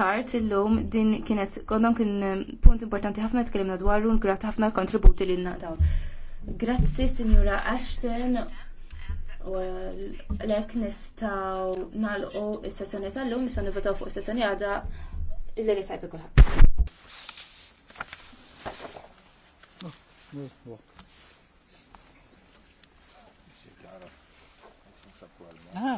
tard illum din kienet għandhom kien eh, punt importanti ħafna tkellimna dwaru ngrat ħafna kontributi li nataw. Grazzi Signora Ashton u lek nistaw nalqu is-sessjoni tal-lum nistaw nivvotaw fuq is-sessjoni għadha il-lejli sajbi kulħadd. Ah,